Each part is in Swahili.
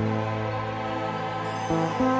Thank you.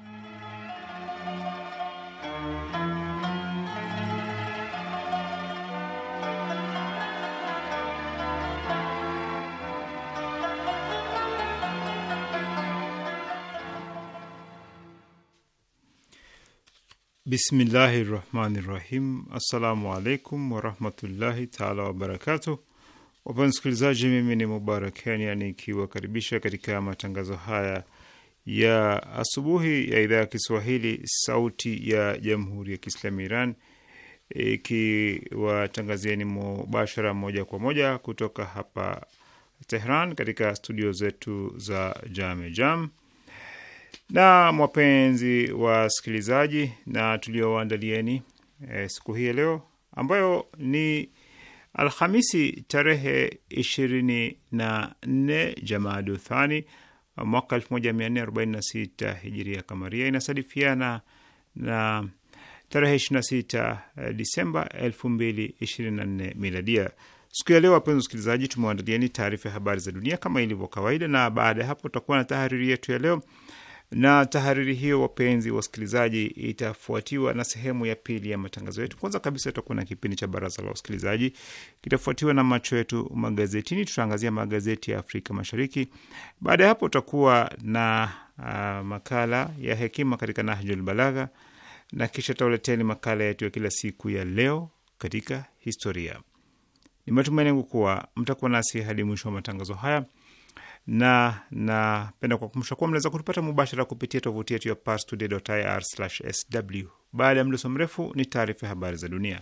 Bismillahi rahmani rahim. Assalamu alaikum warahmatullahi taala wabarakatu. Wapenzi msikilizaji, mimi ni Mubarak Kenya nikiwakaribisha katika matangazo haya ya asubuhi ya idhaa ya Kiswahili sauti ya jamhuri ya Kiislamu Iran ikiwatangazieni mubashara moja kwa moja kutoka hapa Tehran katika studio zetu za Jame Jam na wapenzi wasikilizaji, na tulioandalieni e, eh, siku hii ya leo ambayo ni Alhamisi tarehe ishirini na nne Jamaadu Thani mwaka 1446 hijiria kamaria inasadifiana na tarehe 26 eh, Disemba 2024 miladia. Siku ya leo, wapenzi wasikilizaji, tumewaandalieni taarifa ya habari za dunia kama ilivyo kawaida, na baada ya hapo tutakuwa na tahariri yetu ya leo na tahariri hiyo, wapenzi wasikilizaji, itafuatiwa na sehemu ya pili ya matangazo yetu. Kwanza kabisa tutakuwa na kipindi cha baraza la wasikilizaji, kitafuatiwa na macho yetu magazetini, tutaangazia magazeti ya Afrika Mashariki. Baada ya hapo, tutakuwa na uh, makala ya hekima katika Nahjul Balagha, na kisha tauleteni makala yetu ya kila siku ya leo katika historia. Ni matumaini yangu kuwa mtakuwa nasi hadi mwisho wa matangazo haya na napenda kuwakumbusha kuwa mnaweza kutupata mubashara kupitia tovuti yetu ya parstoday.ir/sw. Baada ya mdoso mrefu, ni taarifa ya habari za dunia.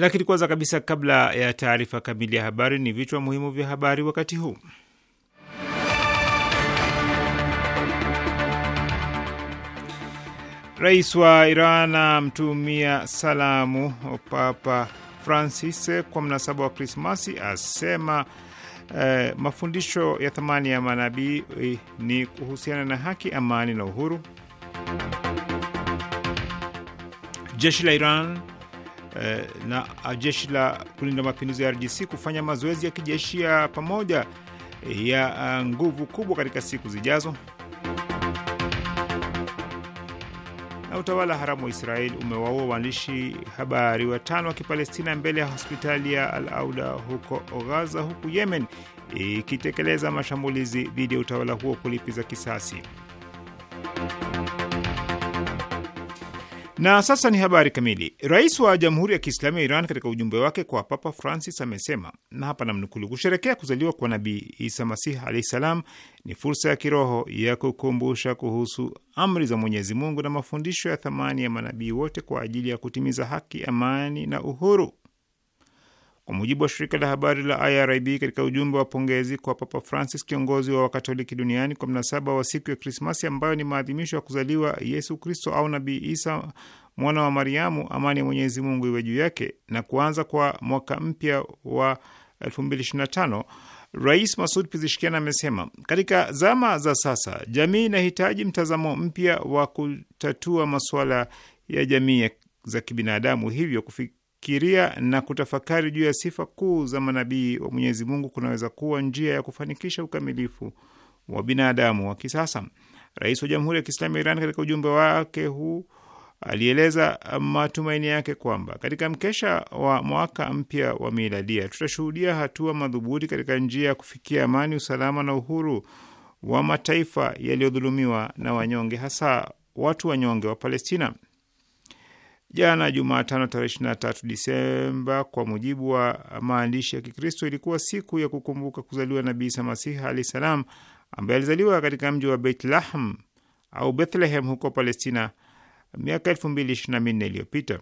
Lakini kwanza kabisa, kabla ya taarifa kamili ya habari, ni vichwa muhimu vya habari wakati huu. Rais wa Iran amtumia salamu Papa Francis kwa mnasaba wa Krismasi, asema eh, mafundisho ya thamani ya manabii eh, ni kuhusiana na haki, amani na uhuru. Jeshi la Iran Eh, na jeshi la kulinda mapinduzi ya RDC kufanya mazoezi ya kijeshi ya pamoja eh, ya eh, nguvu kubwa katika siku zijazo. Na utawala haramu wa Israeli umewaua waandishi habari watano wa Kipalestina mbele ya hospitali ya Al Auda huko Gaza, huku Yemen ikitekeleza mashambulizi dhidi ya utawala huo kulipiza kisasi. Na sasa ni habari kamili. Rais wa Jamhuri ya Kiislamu ya Iran katika ujumbe wake kwa Papa Francis amesema, na hapa namnukulu kusherekea kuzaliwa kwa Nabii Isa Masih alahi salam ni fursa ya kiroho ya kukumbusha kuhusu amri za Mwenyezi Mungu na mafundisho ya thamani ya manabii wote kwa ajili ya kutimiza haki, amani na uhuru. Kwa mujibu wa shirika la habari la IRIB, katika ujumbe wa pongezi kwa Papa Francis, kiongozi wa Wakatoliki duniani, kwa mnasaba wa siku ya Krismasi ambayo ni maadhimisho ya kuzaliwa Yesu Kristo au Nabii Isa mwana wa Mariamu, amani ya Mwenyezi Mungu iwe juu yake, na kuanza kwa mwaka mpya wa 2025 Rais Masud Pizishkian amesema katika zama za sasa jamii inahitaji mtazamo mpya wa kutatua masuala ya jamii za kibinadamu, hivyo kufik kufikiria na kutafakari juu ya sifa kuu za manabii wa Mwenyezi Mungu kunaweza kuwa njia ya kufanikisha ukamilifu wa binadamu wa kisasa. Rais wa Jamhuri ya Kiislamu ya Iran katika ujumbe wake huu alieleza matumaini yake kwamba katika mkesha wa mwaka mpya wa miladia tutashuhudia hatua madhubuti katika njia ya kufikia amani, usalama na uhuru wa mataifa yaliyodhulumiwa na wanyonge, hasa watu wanyonge wa Palestina jana Jumatano tarehe 23 Disemba, kwa mujibu wa maandishi ya Kikristo, ilikuwa siku ya kukumbuka kuzaliwa Nabii Isa Masihi alahi salam, ambaye alizaliwa katika mji wa Bethlehem au Bethlehem huko Palestina miaka elfu mbili na minne iliyopita.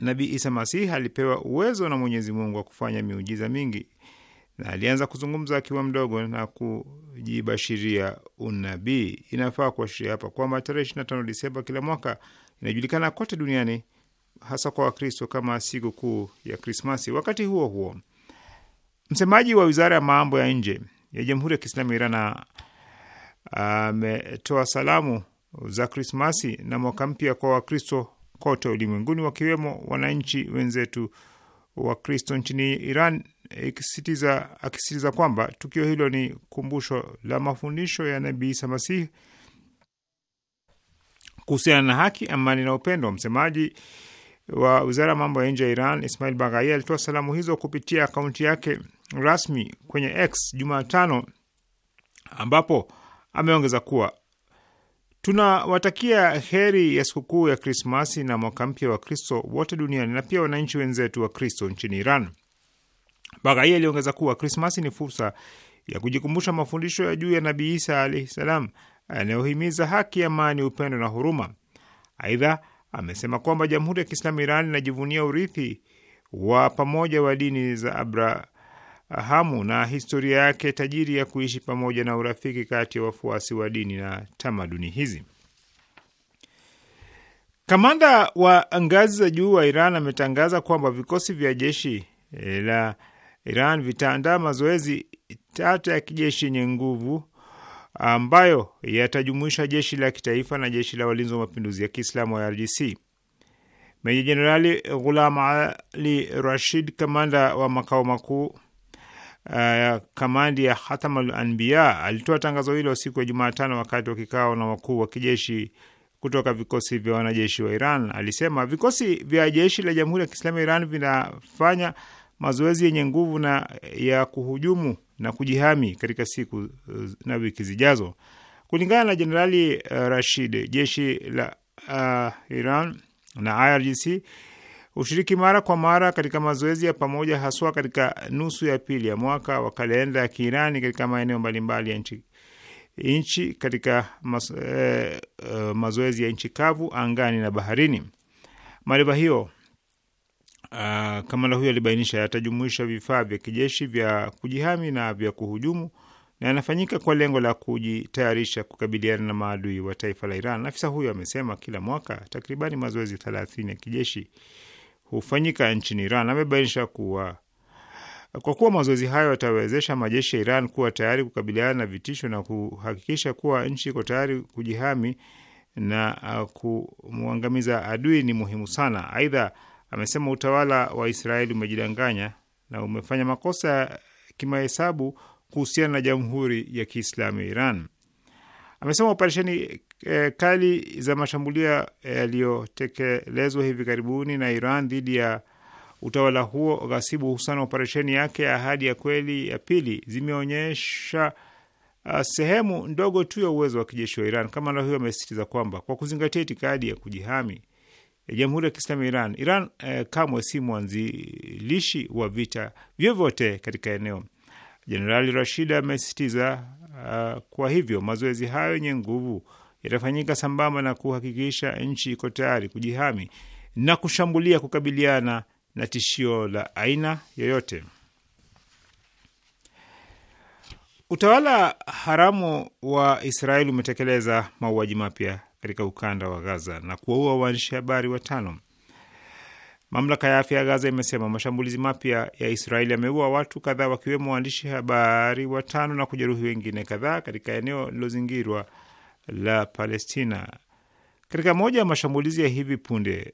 Nabii Isa Masihi alipewa uwezo na Mwenyezi Mungu wa kufanya miujiza mingi na alianza kuzungumza akiwa mdogo na kujibashiria unabii. Inafaa kuashiria hapa kwamba tarehe 25 Disemba kila mwaka inajulikana kote duniani hasa kwa Wakristo kama siku kuu ya Krismasi. Wakati huo huo, msemaji wa wizara ya mambo ya nje ya Jamhuri ya Kiislamu ya Iran ametoa salamu za Krismasi na mwaka mpya kwa Wakristo kote ulimwenguni, wakiwemo wananchi wenzetu Wakristo nchini Iran, akisisitiza kwamba tukio hilo ni kumbusho la mafundisho ya Nabii Isa Masihi Kuhusiana na haki, amani na upendo, msemaji wa wizara ya mambo ya nje ya Iran Ismail Baghai alitoa salamu hizo kupitia akaunti yake rasmi kwenye X Jumatano, ambapo ameongeza kuwa tunawatakia heri ya sikukuu ya Krismasi na mwaka mpya wa Kristo wote duniani na pia wananchi wenzetu wa Kristo nchini Iran. Baghai aliongeza kuwa Krismasi ni fursa ya kujikumbusha mafundisho ya juu ya Nabii Isa alahi salam anayohimiza haki, amani, upendo na huruma. Aidha, amesema kwamba Jamhuri ya Kiislamu Iran inajivunia urithi wa pamoja wa dini za Abrahamu na historia yake tajiri ya kuishi pamoja na urafiki kati ya wafuasi wa dini na tamaduni hizi. Kamanda wa ngazi za juu wa Iran ametangaza kwamba vikosi vya jeshi eh, la Iran vitaandaa mazoezi tata ya kijeshi yenye nguvu ambayo yatajumuisha jeshi la kitaifa na jeshi la walinzi wa mapinduzi ya Kiislamu ya IRGC. Meja Jenerali Ghulam Ali Rashid, kamanda wa makao makuu uh, ya uh, kamandi ya Hatam al Anbiya, alitoa tangazo hilo siku ya Jumatano wakati wa kikao na wakuu wa kijeshi kutoka vikosi vya wanajeshi wa Iran. Alisema vikosi vya jeshi la Jamhuri ya Kiislamu ya Iran vinafanya mazoezi yenye nguvu na ya kuhujumu na kujihami katika siku eh, na wiki zijazo. Kulingana na Jenerali eh, Rashid, jeshi la uh, Iran na IRGC hushiriki mara kwa mara katika mazoezi ya pamoja, haswa katika nusu ya pili ya mwaka wa kalenda ya Kiirani katika maeneo mbalimbali ya nchi nchi katika mas, eh, eh, mazoezi ya nchi kavu, angani na baharini. mareva hiyo Uh, kamanda huyo alibainisha yatajumuisha vifaa vya kijeshi vya kujihami na vya kuhujumu na yanafanyika kwa lengo la kujitayarisha kukabiliana na maadui wa taifa la Iran. Afisa huyo amesema kila mwaka takribani mazoezi thelathini ya kijeshi hufanyika nchini Iran. Amebainisha kuwa kwa kuwa mazoezi hayo yatawezesha majeshi ya Iran kuwa tayari kukabiliana na vitisho na kuhakikisha kuwa nchi iko tayari kujihami na uh, kumwangamiza adui ni muhimu sana. Aidha, amesema utawala wa Israeli umejidanganya na umefanya makosa ya kimahesabu kuhusiana na Jamhuri ya Kiislamu ya Iran. Amesema operesheni e, kali za mashambulio eh, yaliyotekelezwa hivi karibuni na Iran dhidi ya utawala huo ghasibu, hususan operesheni yake ya Ahadi ya Kweli ya pili zimeonyesha Uh, sehemu ndogo tu ya uwezo wa kijeshi wa Iran. Kamanda huyo amesisitiza kwamba kwa kuzingatia itikadi ya kujihami Jamhuri ya Kiislamu ya Iran. Iran eh, kamwe si mwanzilishi wa vita vyovyote katika eneo. Jenerali Rashid amesisitiza uh, kwa hivyo mazoezi hayo yenye nguvu yatafanyika sambamba na kuhakikisha nchi iko tayari kujihami na kushambulia kukabiliana na tishio la aina yoyote. Utawala haramu wa Israeli umetekeleza mauaji mapya katika ukanda wa Gaza na kuwaua waandishi habari watano. Mamlaka ya afya ya Gaza imesema mashambulizi mapya ya Israeli yameua watu kadhaa wakiwemo waandishi habari watano na kujeruhi wengine kadhaa katika eneo lilozingirwa la Palestina. Katika moja ya mashambulizi ya hivi punde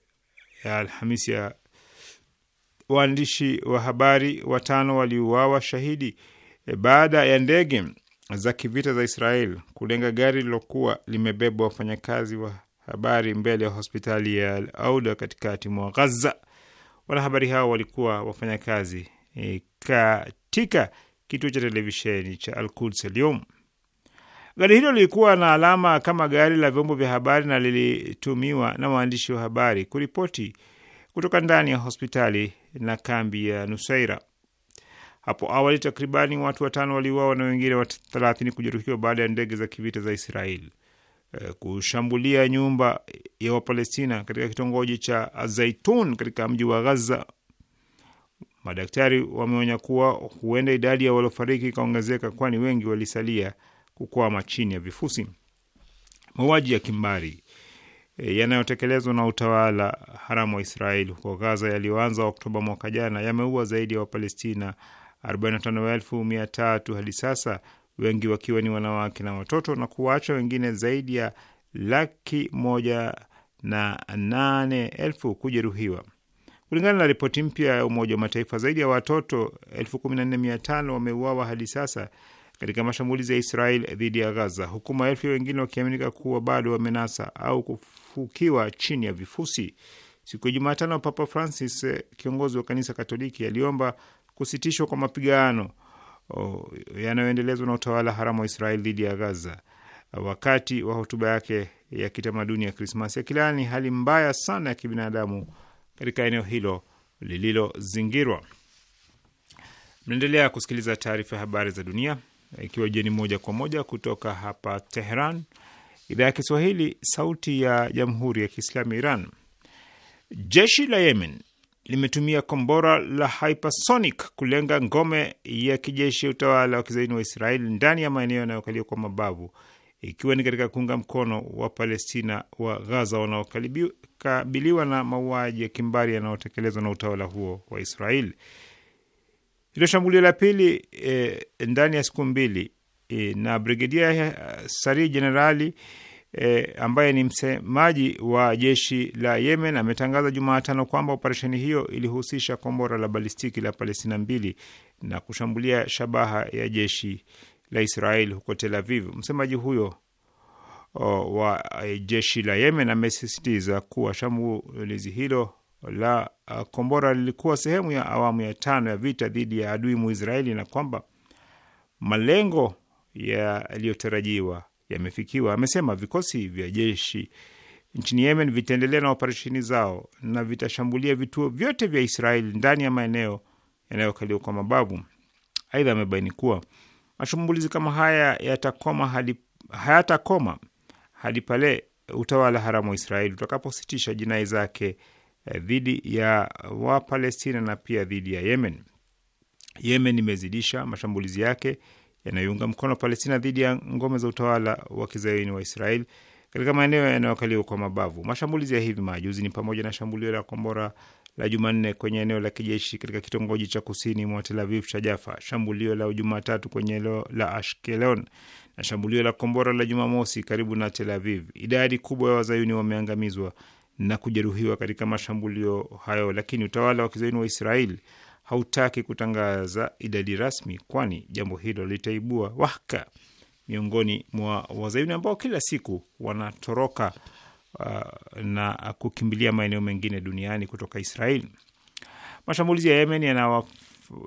ya Alhamisi ya waandishi wa habari watano waliuawa shahidi baada ya ndege za kivita za Israel kulenga gari lilokuwa limebeba wafanyakazi wa habari mbele ya hospitali ya Al Auda katikati mwa Ghaza. Wanahabari hao walikuwa wafanyakazi e, katika kituo cha televisheni cha Al Quds Al Gari hilo lilikuwa na alama kama gari la vyombo vya habari na lilitumiwa na waandishi wa habari kuripoti kutoka ndani ya hospitali na kambi ya Nusaira. Hapo awali takribani watu watano waliuawa na wengine wa thelathini kujeruhiwa baada ya ndege za kivita za Israel eh, kushambulia nyumba ya Wapalestina katika kitongoji cha Zaitun katika mji wa Ghaza. Madaktari wameonya kuwa huenda idadi ya waliofariki ikaongezeka, kwani wengi walisalia kukwama chini ya vifusi. Mauaji ya kimbari e, yanayotekelezwa na utawala haramu wa Israeli huko Gaza yaliyoanza Oktoba mwaka jana yameua zaidi ya Wapalestina 45,300 hadi sasa, wengi wakiwa ni wanawake na watoto na kuwaacha wengine zaidi ya laki moja na nane elfu kujeruhiwa. Kulingana na ripoti mpya ya Umoja wa Mataifa, zaidi ya watoto tano wameuawa hadi sasa katika mashambulizi ya Israel dhidi ya Gaza, huku maelfu ya wengine wakiaminika kuwa bado wamenasa au kufukiwa chini ya vifusi. Siku ya Jumatano, Papa Francis, kiongozi wa kanisa Katoliki, aliomba kusitishwa kwa mapigano yanayoendelezwa na utawala haramu wa Israeli dhidi ya Gaza wakati wa hotuba yake ya kitamaduni ya Krismasi, akilaani hali mbaya sana ya kibinadamu katika eneo hilo lililozingirwa. Mnaendelea kusikiliza taarifa ya habari za dunia, ikiwa jioni moja kwa moja kutoka hapa Tehran, idhaa ya Kiswahili, sauti ya jamhuri ya kiislamu Iran. Jeshi la Yemen limetumia kombora la hypersonic kulenga ngome ya kijeshi ya utawala wa kizaini wa Israeli ndani ya maeneo yanayokaliwa kwa mabavu, ikiwa ni katika kuunga mkono wa Palestina wa Gaza wanaokabiliwa na mauaji ya kimbari yanayotekelezwa na utawala huo wa Israeli. Hilo shambulio la pili e, ndani ya siku mbili e, na brigedia eh, sari jenerali e, ambaye ni msemaji wa jeshi la Yemen ametangaza Jumatano kwamba operesheni hiyo ilihusisha kombora la balistiki la Palestina mbili na kushambulia shabaha ya jeshi la Israel huko Tel Aviv. Msemaji huyo o, wa e, jeshi la Yemen amesisitiza kuwa shambulizi hilo la uh, kombora lilikuwa sehemu ya awamu ya tano ya vita dhidi ya adui Muisraeli na kwamba malengo yaliyotarajiwa yamefikiwa. Amesema vikosi vya jeshi nchini Yemen vitaendelea na operesheni zao na vitashambulia vituo vyote vya Israeli ndani ya maeneo yanayokaliwa kwa mabavu. Aidha, amebaini kuwa mashambulizi kama haya yatakoma hadi hayatakoma hadi pale utawala haramu wa Israeli utakapositisha jinai zake eh, dhidi ya Wapalestina na pia dhidi ya Yemen. Yemen imezidisha mashambulizi yake yanayounga mkono Palestina dhidi ya ngome za utawala wa kizayuni wa Israel katika maeneo yanayokaliwa kwa mabavu. Mashambulizi ya hivi majuzi ni pamoja na shambulio la kombora la Jumanne kwenye eneo la kijeshi katika kitongoji cha kusini mwa Tel Aviv cha Jaffa, shambulio la Jumatatu kwenye eneo la Ashkelon na shambulio la kombora la Jumamosi karibu na Tel Aviv. Idadi kubwa ya wazayuni wameangamizwa na kujeruhiwa katika mashambulio hayo, lakini utawala wa kizayuni wa Israel hautaki kutangaza idadi rasmi, kwani jambo hilo litaibua waka miongoni mwa wazayuni ambao kila siku wanatoroka uh, na kukimbilia maeneo mengine duniani kutoka Israeli. Mashambulizi ya Yemen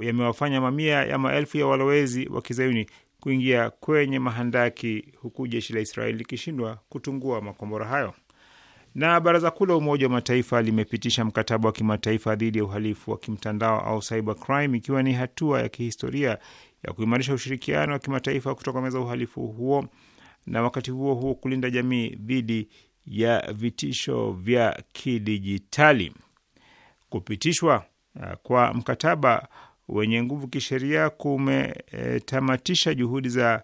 yamewafanya mamia ya maelfu ya walowezi wa kizayuni kuingia kwenye mahandaki huku jeshi la Israeli likishindwa kutungua makombora hayo. Na baraza kuu la Umoja wa Mataifa limepitisha mkataba wa kimataifa dhidi ya uhalifu wa kimtandao au cybercrime, ikiwa ni hatua ya kihistoria ya kuimarisha ushirikiano wa kimataifa kutokomeza uhalifu huo na wakati huo huo kulinda jamii dhidi ya vitisho vya kidijitali. Kupitishwa uh, kwa mkataba wenye nguvu kisheria kumetamatisha juhudi za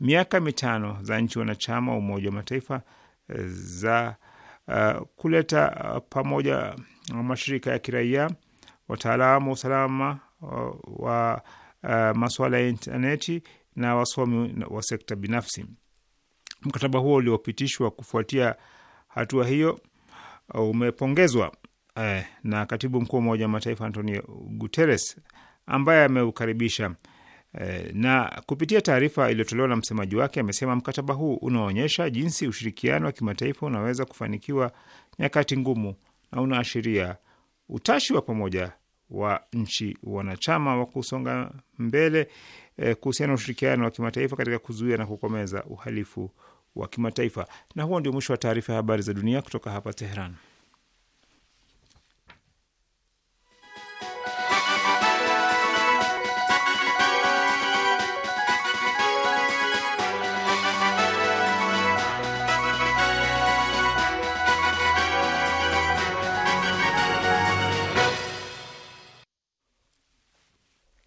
miaka mitano za nchi wanachama wa Umoja wa Mataifa uh, za uh, kuleta uh, pamoja uh, mashirika ya kiraia, wataalamu wa usalama uh, wa uh, masuala ya intaneti na wasomi wa sekta binafsi. Mkataba huo uliopitishwa kufuatia hatua hiyo uh, umepongezwa uh, na katibu mkuu wa Umoja wa Mataifa Antonio Guterres ambaye ameukaribisha Eh, na kupitia taarifa iliyotolewa na msemaji wake amesema mkataba huu unaonyesha jinsi ushirikiano wa kimataifa unaweza kufanikiwa nyakati ngumu na unaashiria utashi wa pamoja wa nchi wanachama wa kusonga mbele eh, kuhusiana na ushirikiano wa kimataifa katika kuzuia na kukomeza uhalifu wa kimataifa. Na huo ndio mwisho wa taarifa ya habari za dunia kutoka hapa Teheran.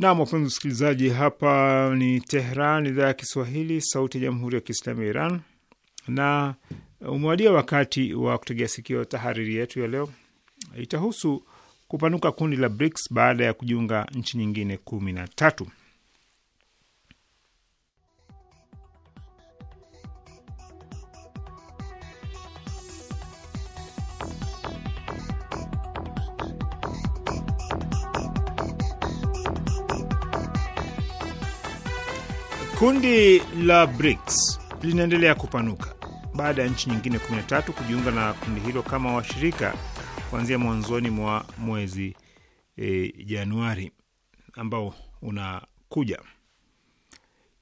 Nam, wapenzi msikilizaji, hapa ni Tehran, idhaa ya Kiswahili, sauti ya jamhuri ya kiislamu ya Iran, na umewadia wakati wa kutegea sikio. Tahariri yetu ya leo itahusu kupanuka kundi la BRICS baada ya kujiunga nchi nyingine kumi na tatu. Kundi la BRICS linaendelea kupanuka baada ya nchi nyingine 13 kujiunga na kundi hilo kama washirika kuanzia mwanzoni mwa mwezi e, Januari ambao unakuja.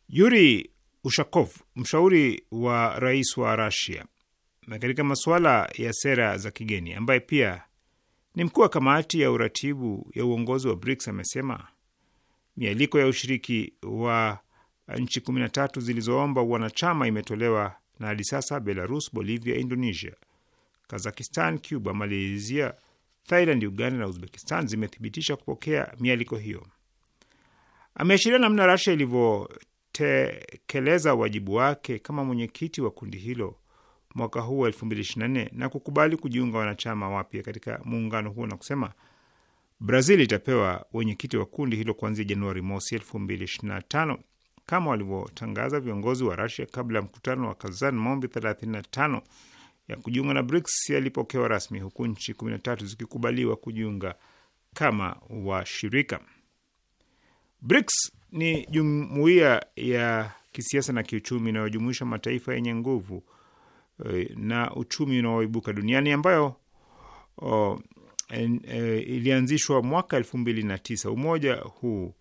Yuri Ushakov, mshauri wa rais wa Rasia na katika masuala ya sera za kigeni, ambaye pia ni mkuu wa kamati ya uratibu ya uongozi wa BRICS, amesema mialiko ya ushiriki wa nchi 13 zilizoomba wanachama imetolewa na hadi sasa Belarus, Bolivia, Indonesia, Kazakistan, Cuba, Malaysia, Thailand, Uganda na Uzbekistan zimethibitisha kupokea mialiko hiyo. Ameashiria namna Rasia ilivyotekeleza wajibu wake kama mwenyekiti wa kundi hilo mwaka huu wa 2024 na kukubali kujiunga wanachama wapya katika muungano huo na kusema Brazil itapewa wenyekiti wa kundi hilo kuanzia Januari mosi kama walivyotangaza viongozi wa Rasia kabla ya mkutano wa Kazan. Maombi 35 ya kujiunga na BRICS yalipokewa rasmi, huku nchi 13 zikikubaliwa kujiunga kama washirika. BRICS ni jumuiya ya kisiasa na kiuchumi inayojumuisha mataifa yenye nguvu eh, na uchumi unaoibuka duniani ambayo oh, en, eh, ilianzishwa mwaka elfu mbili na tisa. Umoja huu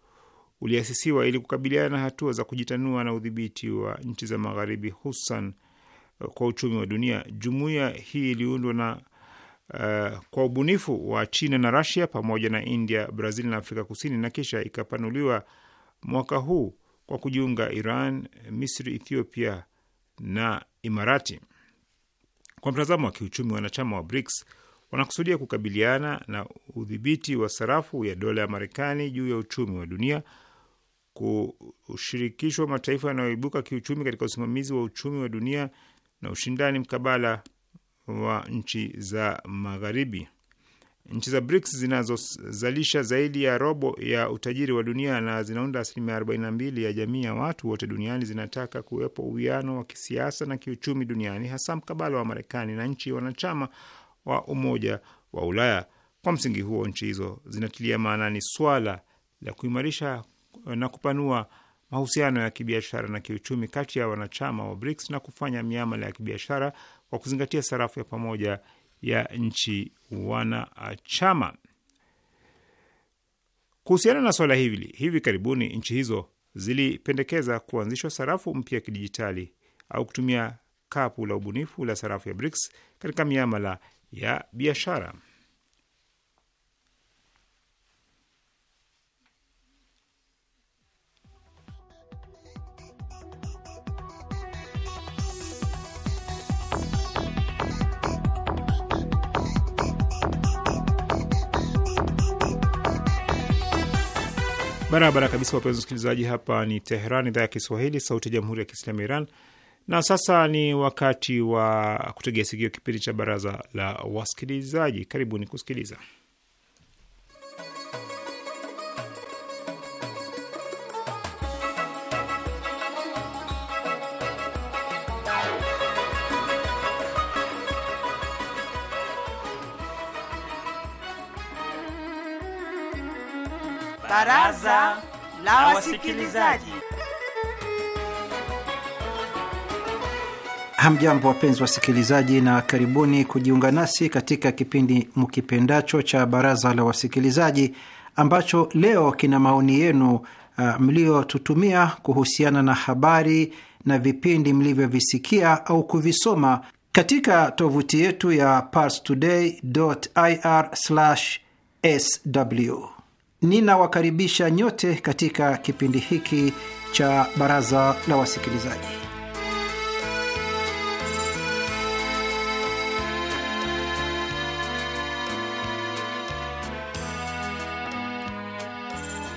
uliasisiwa ili kukabiliana na hatua za kujitanua na udhibiti wa nchi za Magharibi, hususan uh, kwa uchumi wa dunia. Jumuiya hii iliundwa na uh, kwa ubunifu wa China na Russia pamoja na India, Brazil na Afrika Kusini, na kisha ikapanuliwa mwaka huu kwa kujiunga Iran, Misri, Ethiopia na Imarati. Kwa mtazamo wa kiuchumi, wanachama wa BRICS wanakusudia kukabiliana na udhibiti wa sarafu ya dola ya Marekani juu ya uchumi wa dunia kushirikishwa mataifa yanayoibuka kiuchumi katika usimamizi wa uchumi wa dunia na ushindani mkabala wa nchi za magharibi. Nchi za BRICS zinazozalisha zaidi ya robo ya utajiri wa dunia na zinaunda asilimia mbili ya jamii ya watu wote duniani zinataka kuwepo uwiano wa kisiasa na kiuchumi duniani, hasa mkabala wa Marekani na nchi wanachama wa Umoja wa Ulaya. Kwa msingi huo, nchi hizo zinatilia maanani swala la kuimarisha Eh, na kupanua mahusiano ya kibiashara na kiuchumi kati ya wanachama wa BRICS na kufanya miamala ya kibiashara kwa kuzingatia sarafu ya pamoja ya nchi wanachama. Kuhusiana na swala hili, hivi karibuni nchi hizo zilipendekeza kuanzishwa sarafu mpya ya kidijitali au kutumia kapu la ubunifu la sarafu ya BRICS katika miamala ya biashara. Barabara kabisa, wapenzi wasikilizaji, hapa ni Teheran, idhaa ya Kiswahili, sauti ya jamhuri ya kiislamu ya Iran. Na sasa ni wakati wa kutegea sikio kipindi cha baraza la wasikilizaji. Karibuni kusikiliza. Baraza la Wasikilizaji. Hamjambo, wapenzi wasikilizaji, na karibuni kujiunga nasi katika kipindi mkipendacho cha Baraza la Wasikilizaji ambacho leo kina maoni yenu uh, mliotutumia kuhusiana na habari na vipindi mlivyovisikia au kuvisoma katika tovuti yetu ya parstoday.ir/sw. Ninawakaribisha nyote katika kipindi hiki cha Baraza la Wasikilizaji.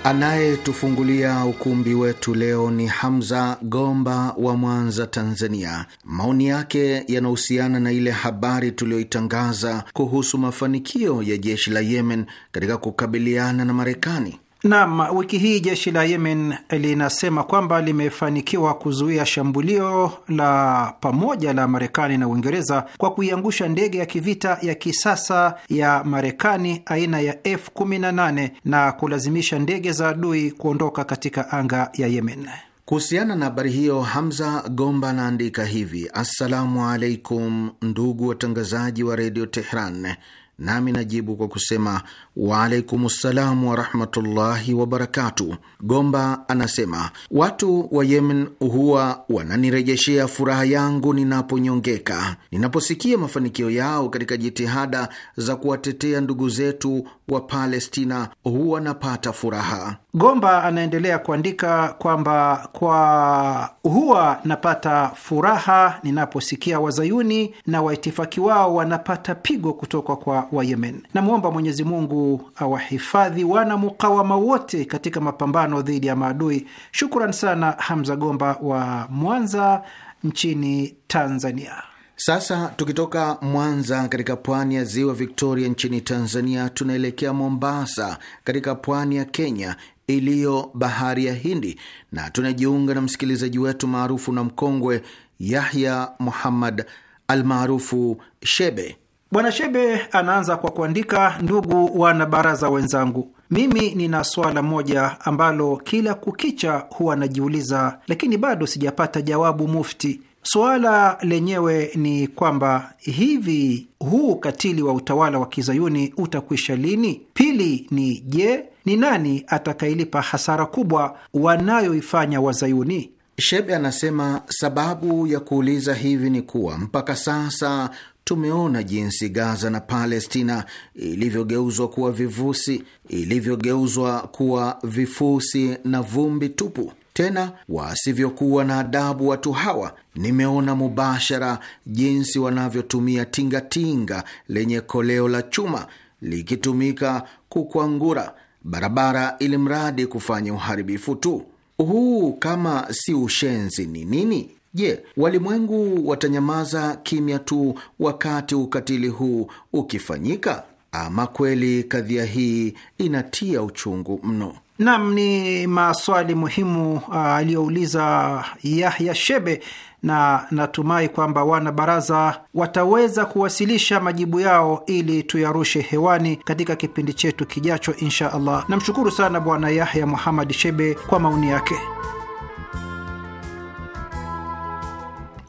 Anayetufungulia ukumbi wetu leo ni Hamza Gomba wa Mwanza, Tanzania. Maoni yake yanahusiana na ile habari tuliyoitangaza kuhusu mafanikio ya jeshi la Yemen katika kukabiliana na Marekani. Naam, wiki hii jeshi la Yemen linasema kwamba limefanikiwa kuzuia shambulio la pamoja la Marekani na Uingereza kwa kuiangusha ndege ya kivita ya kisasa ya Marekani aina ya F18 na kulazimisha ndege za adui kuondoka katika anga ya Yemen. Kuhusiana na habari hiyo, Hamza Gomba anaandika hivi: assalamu alaikum, ndugu watangazaji wa redio Tehran. Nami najibu kwa kusema Waalaikum ssalamu warahmatullahi wabarakatu. Gomba anasema watu wa Yemen huwa wananirejeshea furaha yangu ninaponyongeka, ninaposikia mafanikio yao katika jitihada za kuwatetea ndugu zetu wa Palestina huwa napata furaha. Gomba anaendelea kuandika kwamba kwa huwa napata furaha ninaposikia wazayuni na waitifaki wao wanapata pigo kutoka kwa Wayemen. Namwomba Mwenyezi Mungu awahifadhi wana mukawama wote katika mapambano dhidi ya maadui. Shukran sana Hamza Gomba wa Mwanza nchini Tanzania. Sasa tukitoka Mwanza katika pwani ya ziwa Victoria nchini Tanzania, tunaelekea Mombasa katika pwani ya Kenya iliyo bahari ya Hindi, na tunajiunga na msikilizaji wetu maarufu na mkongwe Yahya Muhammad almaarufu Shebe Bwana Shebe anaanza kwa kuandika: ndugu wanabaraza wenzangu, mimi nina swala moja ambalo kila kukicha huwa najiuliza, lakini bado sijapata jawabu Mufti. Suala lenyewe ni kwamba hivi huu ukatili wa utawala wa kizayuni utakwisha lini? Pili ni je, ni nani atakailipa hasara kubwa wanayoifanya wazayuni? Shebe anasema sababu ya kuuliza hivi ni kuwa mpaka sasa tumeona jinsi Gaza na Palestina ilivyogeuzwa kuwa vivusi, ilivyogeuzwa kuwa vifusi na vumbi tupu. Tena wasivyokuwa na adabu watu hawa, nimeona mubashara jinsi wanavyotumia tingatinga lenye koleo la chuma likitumika kukwangura barabara ili mradi kufanya uharibifu tu. Huu kama si ushenzi ni nini? Je, walimwengu watanyamaza kimya tu wakati ukatili huu ukifanyika? Ama kweli kadhia hii inatia uchungu mno. Nam, ni maswali muhimu uh, aliyouliza Yahya Shebe, na natumai kwamba wana baraza wataweza kuwasilisha majibu yao ili tuyarushe hewani katika kipindi chetu kijacho, insha Allah. Namshukuru sana Bwana Yahya Muhamad Shebe kwa maoni yake.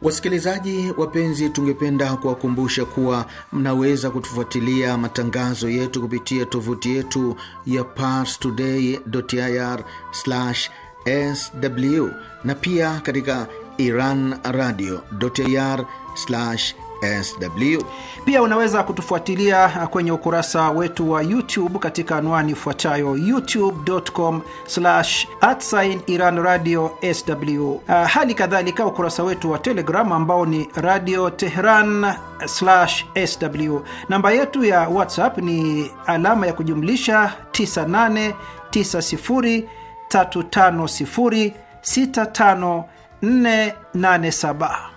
Wasikilizaji wapenzi, tungependa kuwakumbusha kuwa mnaweza kutufuatilia matangazo yetu kupitia tovuti yetu ya parstoday.ir/sw na pia katika Iran radio.ir sw. Pia unaweza kutufuatilia kwenye ukurasa wetu wa YouTube katika anwani ifuatayo youtube.com Iran radio sw. Uh, ah, hali kadhalika ukurasa wetu wa Telegram ambao ni Radio Tehran sw. Namba yetu ya WhatsApp ni alama ya kujumlisha 989035065487.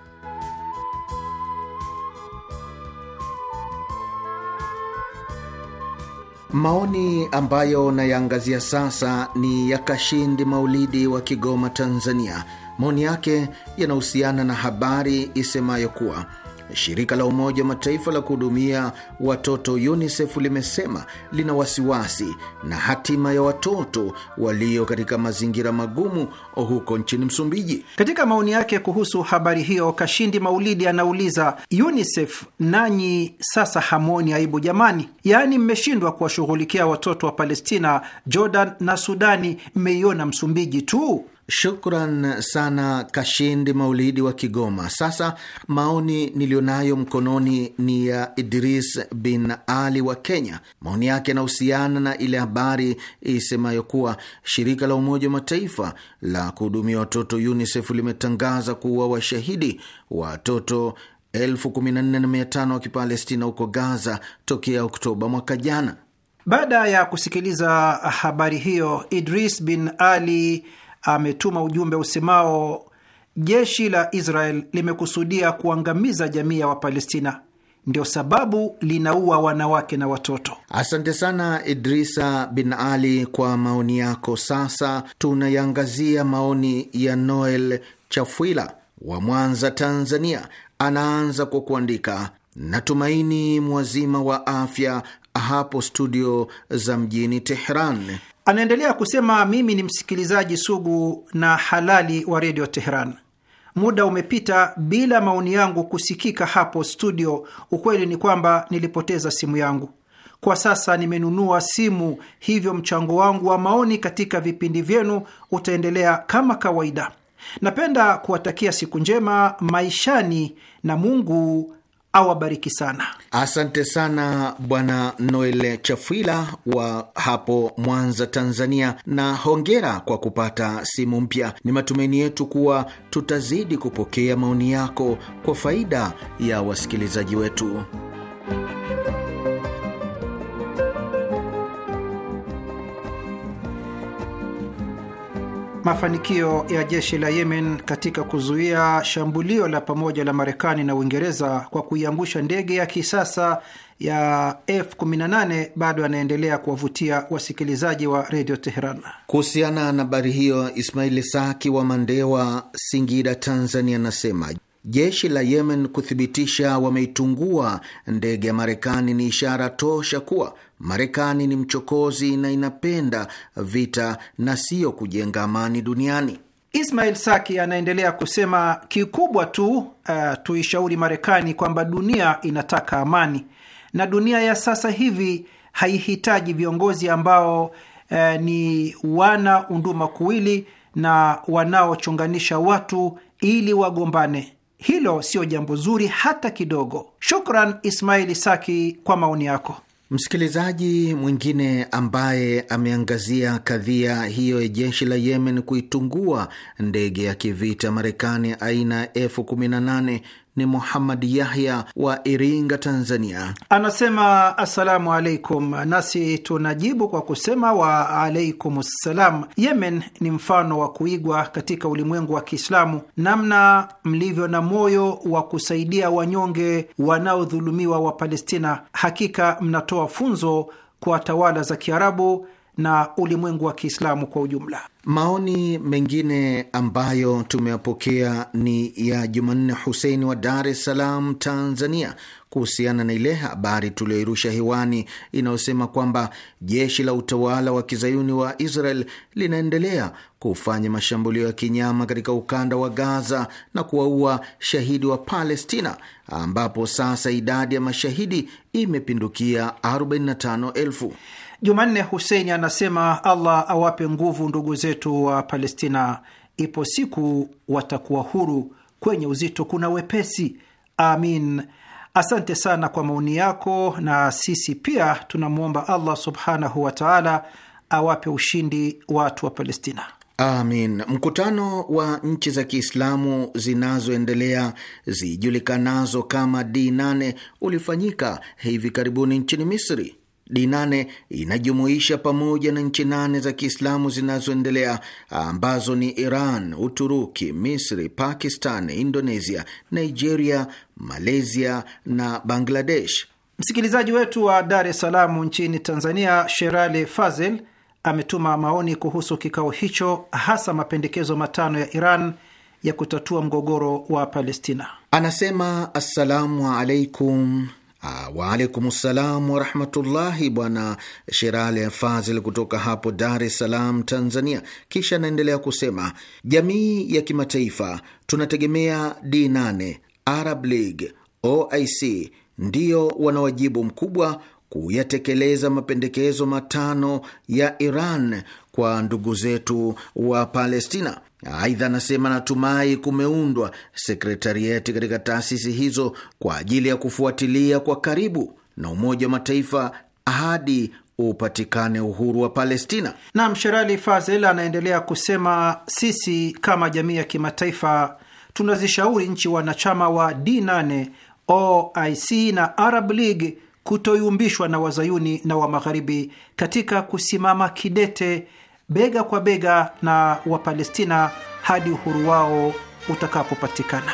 Maoni ambayo nayaangazia sasa ni ya Kashindi Maulidi wa Kigoma, Tanzania. Maoni yake yanahusiana na habari isemayo kuwa Shirika la Umoja wa Mataifa la kuhudumia watoto UNICEF limesema lina wasiwasi na hatima ya watoto walio katika mazingira magumu huko nchini Msumbiji. Katika maoni yake kuhusu habari hiyo, Kashindi Maulidi anauliza, UNICEF nanyi sasa hamwoni aibu jamani? Yaani mmeshindwa kuwashughulikia watoto wa Palestina, Jordan na Sudani, mmeiona Msumbiji tu? Shukran sana Kashindi Maulidi wa Kigoma. Sasa maoni niliyonayo mkononi ni ya Idris bin Ali wa Kenya. Maoni yake yanahusiana na ile habari isemayo kuwa shirika la Umoja wa Mataifa la kuhudumia watoto UNICEF limetangaza kuwa washahidi watoto elfu wa Kipalestina huko Gaza tokea Oktoba mwaka jana. Baada ya kusikiliza habari hiyo, Idris bin Ali ametuma ujumbe usemao jeshi la Israel limekusudia kuangamiza jamii ya Wapalestina, ndio sababu linaua wanawake na watoto. Asante sana Idrisa bin Ali kwa maoni yako. Sasa tunayangazia maoni ya Noel Chafwila wa Mwanza, Tanzania. Anaanza kwa kuandika, natumaini mwazima wa afya hapo studio za mjini Teheran. Anaendelea kusema, mimi ni msikilizaji sugu na halali wa redio Teheran. Muda umepita bila maoni yangu kusikika hapo studio. Ukweli ni kwamba nilipoteza simu yangu. Kwa sasa nimenunua simu, hivyo mchango wangu wa maoni katika vipindi vyenu utaendelea kama kawaida. Napenda kuwatakia siku njema maishani na Mungu awabariki sana. Asante sana Bwana Noel Chafwila wa hapo Mwanza, Tanzania, na hongera kwa kupata simu mpya. Ni matumaini yetu kuwa tutazidi kupokea maoni yako kwa faida ya wasikilizaji wetu. Mafanikio ya jeshi la Yemen katika kuzuia shambulio la pamoja la Marekani na Uingereza kwa kuiangusha ndege ya kisasa ya F18 bado yanaendelea kuwavutia wasikilizaji wa redio Teheran. Kuhusiana na habari hiyo, Ismaili Saki wa Mandewa, Singida, Tanzania, anasema Jeshi la Yemen kuthibitisha wameitungua ndege ya Marekani ni ishara tosha kuwa Marekani ni mchokozi na inapenda vita na siyo kujenga amani duniani. Ismail Saki anaendelea kusema, kikubwa tu uh, tuishauri Marekani kwamba dunia inataka amani na dunia ya sasa hivi haihitaji viongozi ambao uh, ni wana unduma kuwili na wanaochunganisha watu ili wagombane. Hilo sio jambo zuri hata kidogo. Shukran Ismaili Saki kwa maoni yako. Msikilizaji mwingine ambaye ameangazia kadhia hiyo ya jeshi la Yemen kuitungua ndege ya kivita Marekani aina ya F-18 ni Muhammad Yahya wa Iringa, Tanzania, anasema assalamu alaikum. Nasi tunajibu kwa kusema wa alaikum ssalam. Yemen ni mfano wa kuigwa katika ulimwengu wa Kiislamu, namna mlivyo na moyo wa kusaidia wanyonge wanaodhulumiwa wa Palestina. Hakika mnatoa funzo kwa tawala za Kiarabu na ulimwengu wa Kiislamu kwa ujumla. Maoni mengine ambayo tumeyapokea ni ya Jumanne huseini wa Dar es Salaam, Tanzania, kuhusiana na ile habari tuliyoirusha hewani inayosema kwamba jeshi la utawala wa kizayuni wa Israel linaendelea kufanya mashambulio ya kinyama katika ukanda wa Gaza na kuwaua shahidi wa Palestina, ambapo sasa idadi ya mashahidi imepindukia 45,000. Jumanne Huseini anasema Allah awape nguvu ndugu zetu wa Palestina, ipo siku watakuwa huru, kwenye uzito kuna wepesi. Amin. Asante sana kwa maoni yako, na sisi pia tunamwomba Allah subhanahu wa taala awape ushindi watu wa Palestina. Amin. Mkutano wa nchi za Kiislamu zinazoendelea zijulikanazo kama D8 ulifanyika hivi karibuni nchini Misri. D8 inajumuisha pamoja na nchi nane za Kiislamu zinazoendelea ambazo ni Iran, Uturuki, Misri, Pakistan, Indonesia, Nigeria, Malaysia na Bangladesh. Msikilizaji wetu wa Dar es Salaam nchini Tanzania, Sherali Fazel ametuma maoni kuhusu kikao hicho, hasa mapendekezo matano ya Iran ya kutatua mgogoro wa Palestina. Anasema, assalamu alaikum Ah, Waalaikum salam warahmatullahi. Bwana Sherale Fazil kutoka hapo Dar es Salaam, Tanzania. Kisha anaendelea kusema, jamii ya kimataifa tunategemea D8, Arab League, OIC ndiyo wana wajibu mkubwa kuyatekeleza mapendekezo matano ya Iran kwa ndugu zetu wa Palestina. Aidha, anasema natumai kumeundwa sekretarieti katika taasisi hizo kwa ajili ya kufuatilia kwa karibu na Umoja wa Mataifa hadi upatikane uhuru wa Palestina. Naam, Sherali Fazel anaendelea kusema, sisi kama jamii ya kimataifa tunazishauri nchi wanachama wa D8, OIC na Arab League kutoyumbishwa na wazayuni na wa magharibi katika kusimama kidete bega kwa bega na Wapalestina hadi uhuru wao utakapopatikana.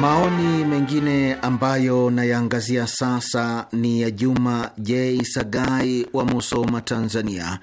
Maoni mengine ambayo nayaangazia sasa ni ya Juma J Sagai wa Musoma, Tanzania.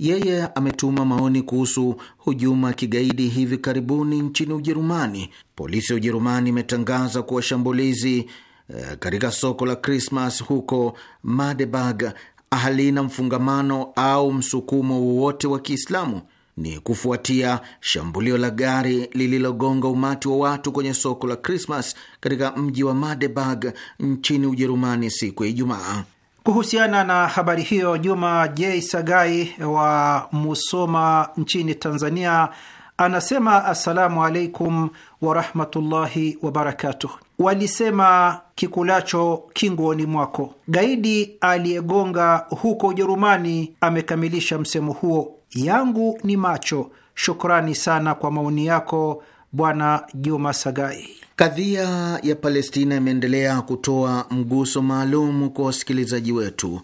Yeye ametuma maoni kuhusu hujuma kigaidi hivi karibuni nchini Ujerumani. Polisi ya Ujerumani imetangaza kuwa shambulizi eh, katika soko la Krismas huko Magdeburg halina mfungamano au msukumo wowote wa Kiislamu. Ni kufuatia shambulio la gari lililogonga umati wa watu kwenye soko la Krismas katika mji wa madebag nchini Ujerumani siku ya Ijumaa. Kuhusiana na habari hiyo, Juma J Sagai wa Musoma nchini Tanzania anasema assalamu alaikum warahmatullahi wabarakatuh. Walisema kikulacho kinguoni mwako. Gaidi aliyegonga huko Ujerumani amekamilisha msemo huo. Yangu ni macho. Shukrani sana kwa maoni yako Bwana Juma Sagai. Kadhia ya Palestina imeendelea kutoa mguso maalum kwa wasikilizaji wetu.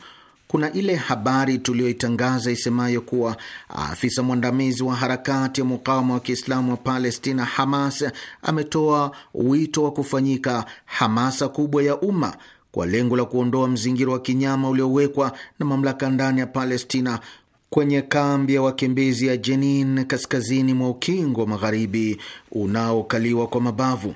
Kuna ile habari tuliyoitangaza isemayo kuwa afisa mwandamizi wa harakati ya mukawama wa Kiislamu wa Palestina, Hamas, ametoa wito wa kufanyika hamasa kubwa ya umma kwa lengo la kuondoa mzingiro wa kinyama uliowekwa na mamlaka ndani ya Palestina kwenye kambi ya wakimbizi ya Jenin kaskazini mwa ukingo wa magharibi unaokaliwa kwa mabavu.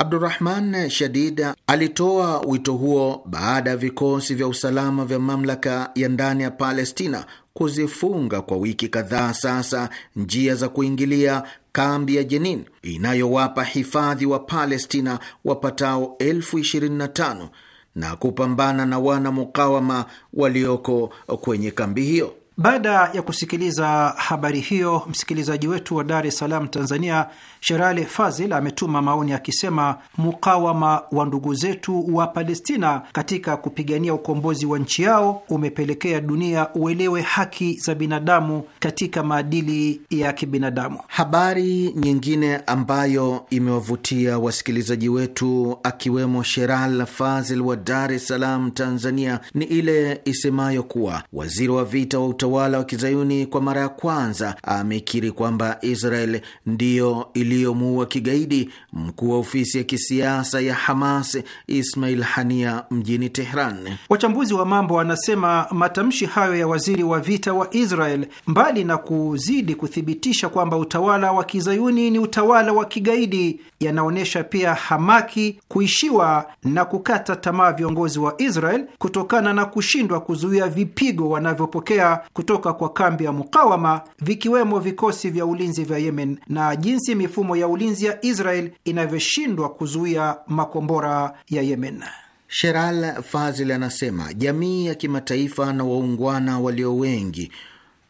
Abdurahman Shadida alitoa wito huo baada ya vikosi vya usalama vya mamlaka ya ndani ya Palestina kuzifunga kwa wiki kadhaa sasa njia za kuingilia kambi ya Jenin inayowapa hifadhi wa Palestina wapatao elfu ishirini na tano na kupambana na wana mukawama walioko kwenye kambi hiyo. Baada ya kusikiliza habari hiyo, msikilizaji wetu wa Dar es Salaam, Tanzania, Sherali Fazil ametuma maoni akisema mukawama wa ndugu zetu wa Palestina katika kupigania ukombozi wa nchi yao umepelekea dunia uelewe haki za binadamu katika maadili ya kibinadamu. Habari nyingine ambayo imewavutia wasikilizaji wetu akiwemo Sheral Fazil wa Dar es Salaam, Tanzania, ni ile isemayo kuwa waziri wa vita wa utawala wa kizayuni kwa mara ya kwanza amekiri kwamba Israel ndiyo ili iliyomuua kigaidi mkuu wa ofisi ya kisiasa ya Hamas Ismail Hania mjini Tehran. Wachambuzi wa mambo wanasema matamshi hayo ya waziri wa vita wa Israel, mbali na kuzidi kuthibitisha kwamba utawala wa kizayuni ni utawala wa kigaidi, yanaonyesha pia hamaki, kuishiwa na kukata tamaa viongozi wa Israel kutokana na kushindwa kuzuia vipigo wanavyopokea kutoka kwa kambi ya mukawama, vikiwemo vikosi vya ulinzi vya Yemen na jinsi mifu mifumo ya ulinzi ya Israel inavyoshindwa kuzuia makombora ya Yemen. Sheral Fazil anasema jamii ya kimataifa na waungwana walio wengi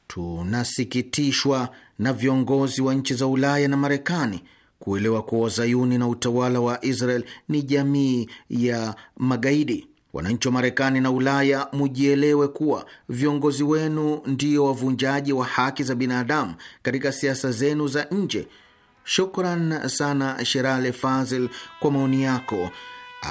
tunasikitishwa na viongozi wa nchi za Ulaya na Marekani kuelewa kuwa wazayuni na utawala wa Israel ni jamii ya magaidi. Wananchi wa Marekani na Ulaya, mujielewe kuwa viongozi wenu ndio wavunjaji wa haki za binadamu katika siasa zenu za nje Shukran sana Sherale Fazil kwa maoni yako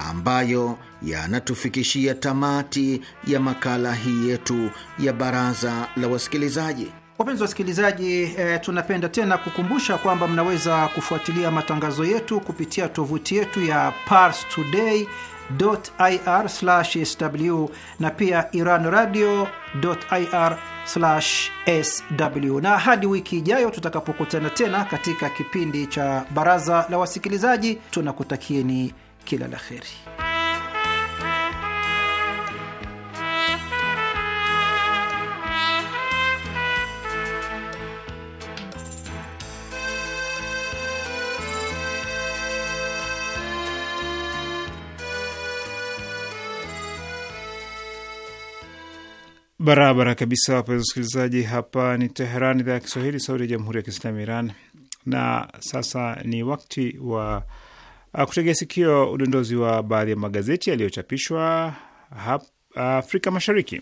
ambayo yanatufikishia tamati ya makala hii yetu ya baraza la wasikilizaji. Wapenzi wasikilizaji, e, tunapenda tena kukumbusha kwamba mnaweza kufuatilia matangazo yetu kupitia tovuti yetu ya Pars Today ir sw na pia Iran radio ir sw. Na hadi wiki ijayo tutakapokutana tena katika kipindi cha Baraza la Wasikilizaji, tunakutakieni kila la heri. Barabara kabisa, wapenzi wasikilizaji, hapa ni Teheran, idhaa ya Kiswahili, sauti ya jamhuri ya kiislamu Iran. Na sasa ni wakti wa uh, kutegea sikio udondozi wa baadhi ya magazeti yaliyochapishwa Afrika Mashariki.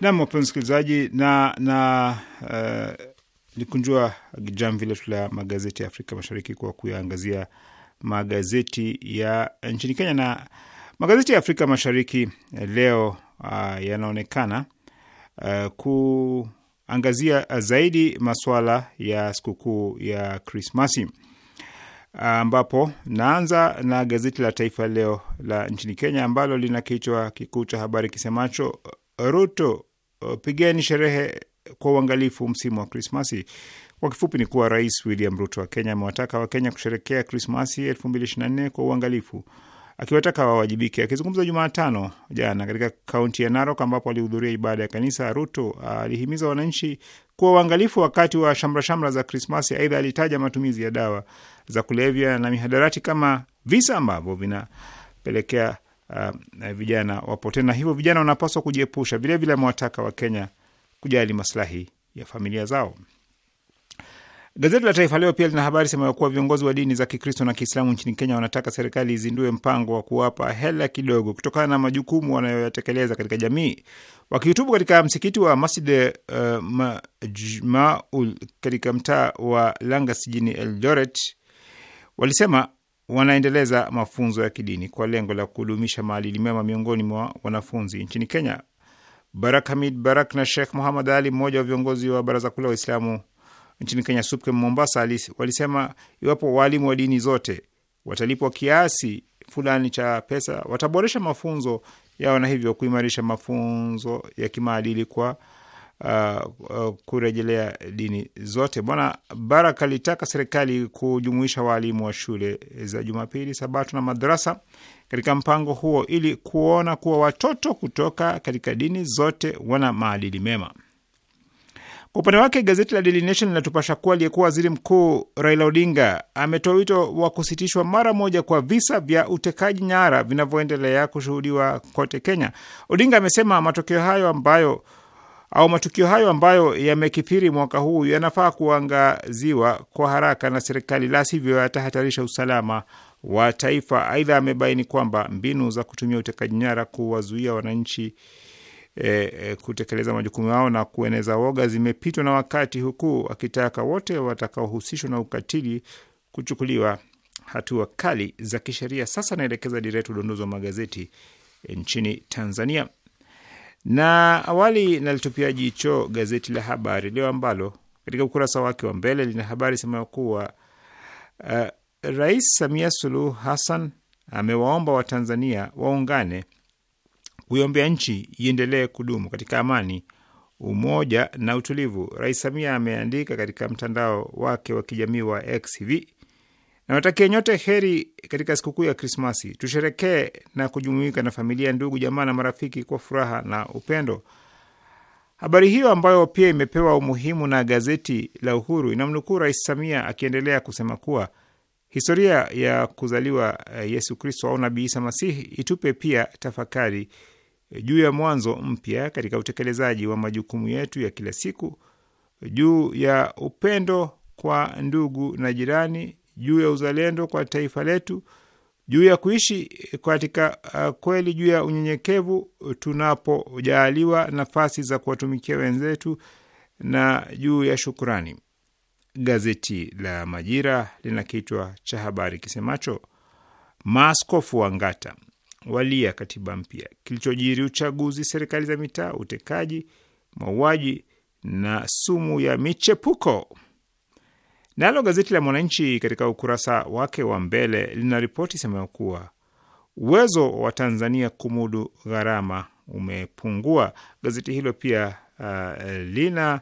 Nam, wapenzi wasikilizaji, na na uh, Nikunjua jamvi letu la magazeti ya Afrika Mashariki kwa kuyaangazia magazeti ya nchini Kenya na magazeti ya Afrika Mashariki eh, leo uh, yanaonekana uh, kuangazia zaidi masuala ya sikukuu ya Krismasi ambapo uh, naanza na gazeti la Taifa Leo la nchini Kenya ambalo lina kichwa kikuu cha habari kisemacho Ruto, eh, pigeni sherehe kwa uangalifu msimu wa Krismasi. Kwa kifupi ni kuwa Rais William Ruto wa Kenya amewataka Wakenya kusherekea Krismasi 2024 kwa uangalifu, akiwataka wawajibike. Akizungumza Jumatano jana katika kaunti ya Narok ambapo alihudhuria ibada ya kanisa, Ruto alihimiza wananchi kuwa uangalifu wakati wa shamrashamra za Krismasi. Aidha, alitaja matumizi ya dawa za kulevya na mihadarati kama visa ambavyo vinapelekea uh, vijana wapote, na hivyo vijana wanapaswa kujiepusha. Vilevile amewataka Wakenya kujali maslahi ya familia zao. Gazeti la Taifa Leo pia lina habari semayo kuwa viongozi wa dini za Kikristo na Kiislamu nchini Kenya wanataka serikali izindue mpango wa kuwapa hela kidogo kutokana na majukumu wanayoyatekeleza katika jamii. Wakihutubu katika msikiti wa Masjid uh, eh, Majmaul katika mtaa wa Langas jijini Eldoret, walisema wanaendeleza mafunzo ya kidini kwa lengo la kudumisha maadili mema miongoni mwa wanafunzi nchini Kenya. Barak Hamid Barak na Sheikh Muhammad Ali, mmoja wa viongozi wa Baraza Kuu la Waislamu nchini Kenya, SUPKEM Mombasa, walisema iwapo waalimu wa dini zote watalipwa kiasi fulani cha pesa wataboresha mafunzo yao na hivyo kuimarisha mafunzo ya kimaadili kwa uh, uh, kurejelea dini zote. Bwana Barak alitaka serikali kujumuisha waalimu wa shule za Jumapili, Sabato na madarasa katika mpango huo ili kuona kuwa watoto kutoka katika dini zote wana maadili mema. Kwa upande wake gazeti la Daily Nation linatupasha kuwa aliyekuwa waziri mkuu Raila Odinga ametoa wito wa kusitishwa mara moja kwa visa vya utekaji nyara vinavyoendelea kushuhudiwa kote Kenya. Odinga amesema matokeo hayo ambayo au matukio hayo ambayo yamekithiri mwaka huu yanafaa kuangaziwa kwa haraka na serikali, la sivyo yatahatarisha usalama wa taifa. Aidha, amebaini kwamba mbinu za kutumia utekaji nyara kuwazuia wananchi e, e, kutekeleza majukumu yao na kueneza woga zimepitwa na wakati, huku akitaka wote watakaohusishwa na ukatili kuchukuliwa hatua kali za kisheria. Sasa naelekeza dira yetu udondozi wa magazeti e, nchini Tanzania, na awali nalitupia jicho gazeti la Habari Leo ambalo katika ukurasa wake wa mbele lina habari sema kuwa uh, Rais Samia Suluhu Hassan amewaomba Watanzania waungane kuiombea nchi iendelee kudumu katika amani, umoja na utulivu. Rais Samia ameandika katika mtandao wake wa kijamii wa X hivi: nawatakia nyote heri katika sikukuu ya Krismasi. Tusherekee na kujumuika na familia, ndugu, jamaa na marafiki kwa furaha na upendo. Habari hiyo ambayo pia imepewa umuhimu na gazeti la Uhuru inamnukuu Rais Samia akiendelea kusema kuwa Historia ya kuzaliwa eh, Yesu Kristo au Nabii Isa Masihi itupe pia tafakari eh, juu ya mwanzo mpya katika utekelezaji wa majukumu yetu ya kila siku, juu ya upendo kwa ndugu na jirani, juu ya uzalendo kwa taifa letu, juu ya kuishi katika eh, kweli, juu ya unyenyekevu tunapojaaliwa nafasi za kuwatumikia wenzetu na juu ya shukurani gazeti la Majira lina kichwa cha habari kisemacho maaskofu wangata walia katiba mpya, kilichojiri uchaguzi, serikali za mitaa, utekaji, mauaji na sumu ya michepuko. Nalo gazeti la Mwananchi katika ukurasa wake wa mbele lina ripoti semayo kuwa uwezo wa Tanzania kumudu gharama umepungua. Gazeti hilo pia uh, lina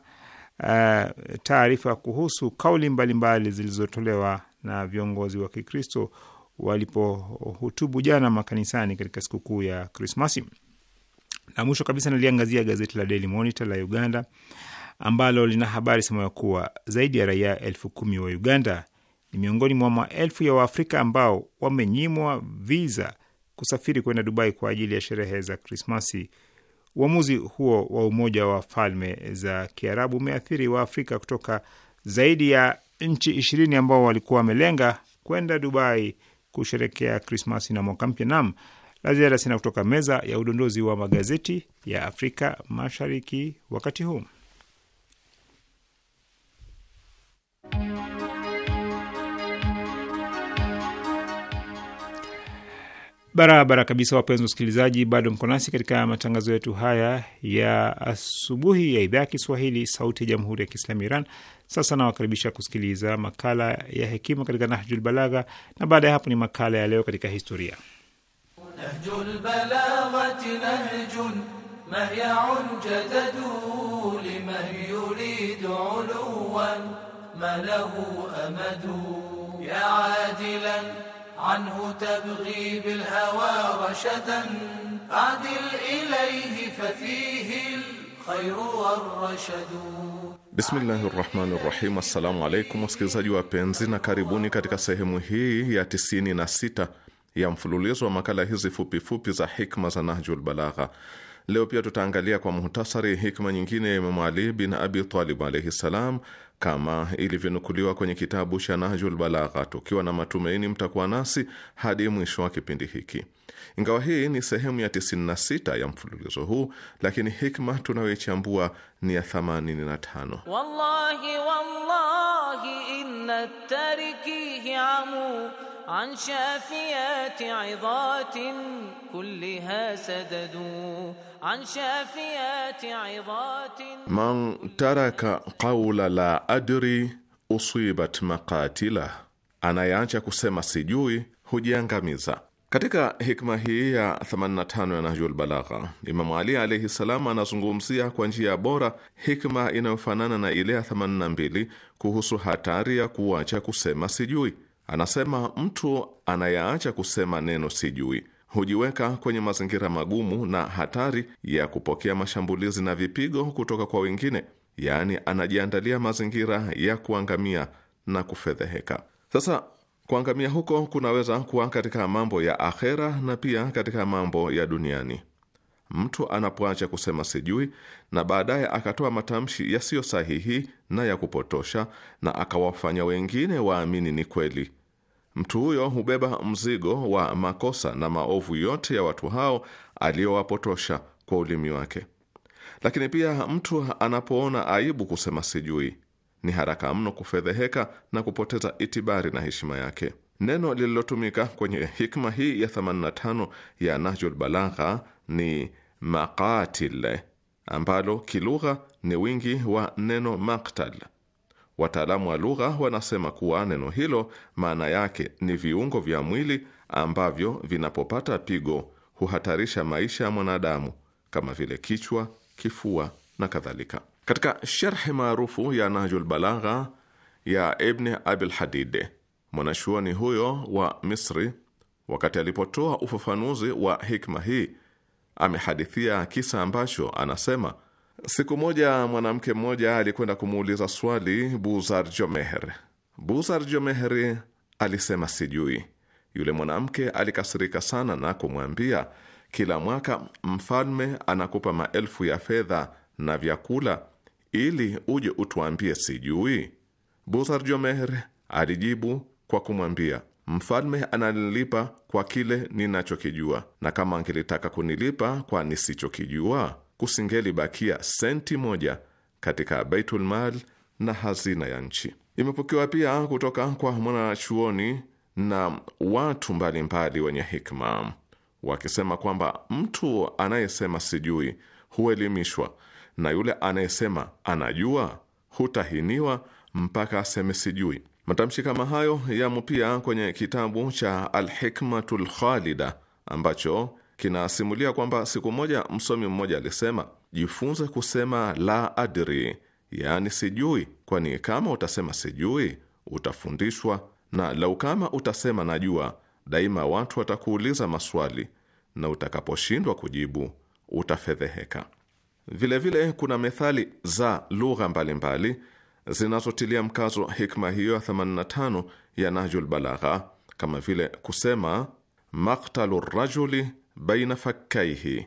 uh, taarifa kuhusu kauli mbalimbali zilizotolewa na viongozi wa Kikristo walipohutubu jana makanisani katika sikukuu ya Krismasi. Na mwisho kabisa naliangazia gazeti la Daily Monitor la Uganda ambalo lina habari ya kuwa zaidi ya raia elfu kumi wa Uganda ni miongoni mwa maelfu ya Waafrika ambao wamenyimwa viza kusafiri kwenda Dubai kwa ajili ya sherehe za Krismasi Uamuzi huo wa Umoja wa Falme za Kiarabu umeathiri Waafrika kutoka zaidi ya nchi ishirini ambao walikuwa wamelenga kwenda Dubai kusherekea Krismasi na mwaka mpya. Nam la ziada sina kutoka meza ya udondozi wa magazeti ya Afrika Mashariki wakati huu. barabara kabisa. Wapenzi wasikilizaji, bado mko nasi katika matangazo yetu haya ya asubuhi ya idhaa ya Kiswahili, Sauti ya Jamhuri ya Kiislamu Iran. Sasa nawakaribisha kusikiliza makala ya hekima katika Nahjul Balagha, na baada ya hapo ni makala ya leo katika historia. Nahjul عنه تبغي بالهوى رشدا أعدل إليه ففيه الخير والرشد Bismillahi rahmani rahim. Assalamu alaikum wasikilizaji wapenzi, na karibuni katika sehemu hii ya 96 ya mfululizo wa makala hizi fupifupi fupi za hikma za Nahjul Balagha. Leo pia tutaangalia kwa muhtasari hikma nyingine ya Imamu Ali bin Abi Talib alaihi ssalam, kama ilivyonukuliwa kwenye kitabu cha Nahjul Balagha, tukiwa na matumaini mtakuwa nasi hadi mwisho wa kipindi hiki. Ingawa hii ni sehemu ya 96 ya mfululizo huu, lakini hikma tunayoichambua ni ya 85. Wallahi wallahi inna tarikihi amu an shafiyati idhatin kulliha sadadu Man taraka qaula la adri usibat maqatila, anayeacha kusema sijui hujiangamiza. Katika hikma hii ya 85 ya Nahjul Balagha, Imamu Ali alaihi salam anazungumzia kwa njia bora hikma inayofanana na ile ya 82 kuhusu hatari ya kuacha kusema sijui. Anasema mtu anayaacha kusema neno sijui hujiweka kwenye mazingira magumu na hatari ya kupokea mashambulizi na vipigo kutoka kwa wengine, yaani anajiandalia mazingira ya kuangamia na kufedheheka. Sasa kuangamia huko kunaweza kuwa katika mambo ya akhera na pia katika mambo ya duniani. Mtu anapoacha kusema sijui na baadaye akatoa matamshi yasiyo sahihi na ya kupotosha na akawafanya wengine waamini ni kweli, Mtu huyo hubeba mzigo wa makosa na maovu yote ya watu hao aliyowapotosha kwa ulimi wake. Lakini pia mtu anapoona aibu kusema sijui, ni haraka mno kufedheheka na kupoteza itibari na heshima yake. Neno lililotumika kwenye hikma hii ya 85 ya Nahjul Balagha ni maqatil, ambalo kilugha ni wingi wa neno maktal Wataalamu wa lugha wanasema kuwa neno hilo maana yake ni viungo vya mwili ambavyo vinapopata pigo huhatarisha maisha ya mwanadamu kama vile kichwa, kifua na kadhalika. Katika sharhi maarufu ya Nahjul Balagha ya Ibn Abil Hadid, mwanachuoni huyo wa Misri, wakati alipotoa ufafanuzi wa hikma hii, amehadithia kisa ambacho anasema Siku moja mwanamke mmoja alikwenda kumuuliza swali Buzar Jomeher. Buzar jomehr alisema sijui. Yule mwanamke alikasirika sana na kumwambia, kila mwaka mfalme anakupa maelfu ya fedha na vyakula ili uje utuambie sijui. Buzar Jomeher alijibu kwa kumwambia mfalme ananilipa kwa kile ninachokijua, na kama angelitaka kunilipa kwa nisichokijua kusingelibakia senti moja katika Baitul Mal na hazina ya nchi. Imepokewa pia kutoka kwa mwanachuoni na watu mbalimbali mbali wenye hikma wakisema kwamba mtu anayesema sijui huelimishwa na yule anayesema anajua hutahiniwa mpaka aseme sijui. Matamshi kama hayo yamo pia kwenye kitabu cha Alhikmatu lkhalida ambacho kinasimulia kwamba siku moja msomi mmoja alisema, jifunze kusema la adri, yaani sijui, kwani kama utasema sijui utafundishwa, na lau kama utasema najua, daima watu watakuuliza maswali na utakaposhindwa kujibu utafedheheka. Vilevile vile, kuna methali za lugha mbalimbali zinazotilia mkazo hikma hiyo ya 85 ya Nahjul Balagha, kama vile kusema maktalu rajuli baina fakaihi,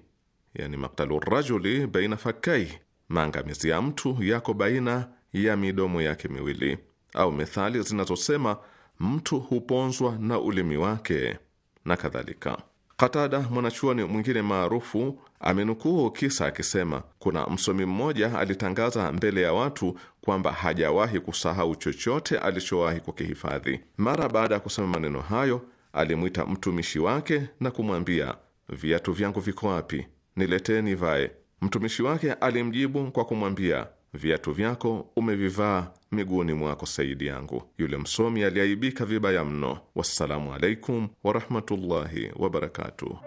yani maktalu rajuli baina fakaihi, maangamizi ya mtu yako baina ya midomo yake miwili, au methali zinazosema mtu huponzwa na ulimi wake na kadhalika. Katada, mwanachuoni mwingine maarufu, amenukuu kisa akisema, kuna msomi mmoja alitangaza mbele ya watu kwamba hajawahi kusahau chochote alichowahi kukihifadhi. Mara baada ya kusema maneno hayo, alimwita mtumishi wake na kumwambia viatu vyangu viko wapi? Nileteni vae. Mtumishi wake alimjibu kwa kumwambia, viatu vyako umevivaa miguuni mwako, saidi yangu. Yule msomi aliaibika vibaya mno. Wassalamu alaikum warahmatullahi wabarakatuh.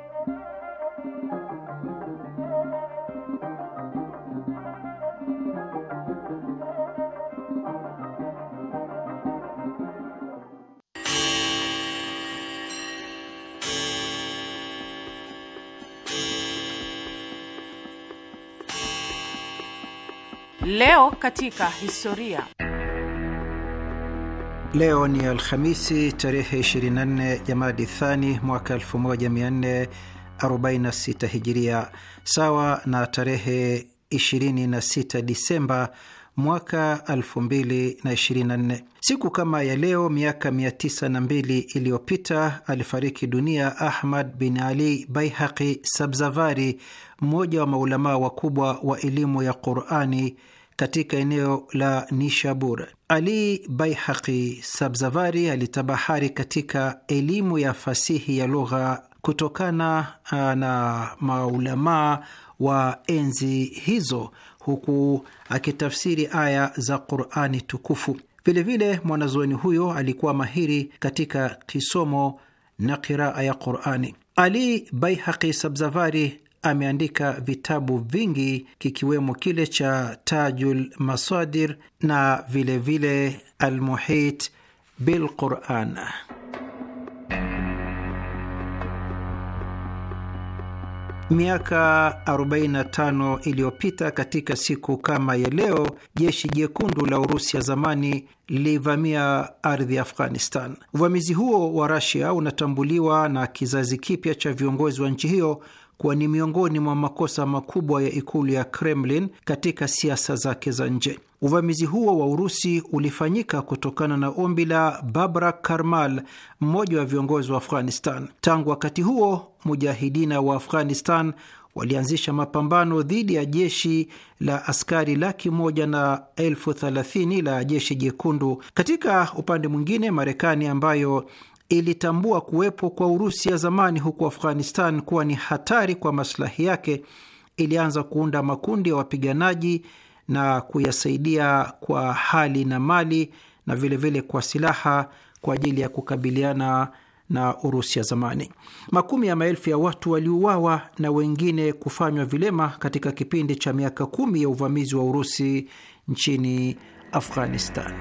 Leo katika historia. Leo ni Alhamisi tarehe 24 Jamadi Thani mwaka 1446 Hijiria, sawa na tarehe 26 Disemba mwaka 2024. Siku kama ya leo miaka 902 iliyopita alifariki dunia Ahmad bin Ali Baihaqi Sabzavari, mmoja wa maulamaa wakubwa wa elimu ya Qurani katika eneo la Nishabur. Ali Baihaqi Sabzavari alitabahari katika elimu ya fasihi ya lugha kutokana uh, na maulamaa wa enzi hizo, huku akitafsiri aya za Qurani tukufu. Vilevile mwanazuoni huyo alikuwa mahiri katika kisomo na qiraa ya Qurani. Ali Baihaqi Sabzavari ameandika vitabu vingi kikiwemo kile cha Tajul Masadir na vilevile Almuhit Bilquran. Miaka 45 iliyopita katika siku kama ya leo, jeshi jekundu la Urusi ya zamani lilivamia ardhi ya Afghanistan. Uvamizi huo wa Rasia unatambuliwa na kizazi kipya cha viongozi wa nchi hiyo kuwa ni miongoni mwa makosa makubwa ya ikulu ya Kremlin katika siasa zake za nje. Uvamizi huo wa Urusi ulifanyika kutokana na ombi la Babra Karmal, mmoja wa viongozi wa Afghanistan. Tangu wakati huo, mujahidina wa Afghanistan walianzisha mapambano dhidi ya jeshi la askari laki moja na elfu thelathini la jeshi jekundu. Katika upande mwingine, Marekani ambayo ilitambua kuwepo kwa Urusi ya zamani huku Afghanistan kuwa ni hatari kwa maslahi yake, ilianza kuunda makundi ya wapiganaji na kuyasaidia kwa hali na mali na vilevile vile kwa silaha kwa ajili ya kukabiliana na Urusi ya zamani. Makumi ya maelfu ya watu waliuawa na wengine kufanywa vilema katika kipindi cha miaka kumi ya uvamizi wa Urusi nchini Afghanistan.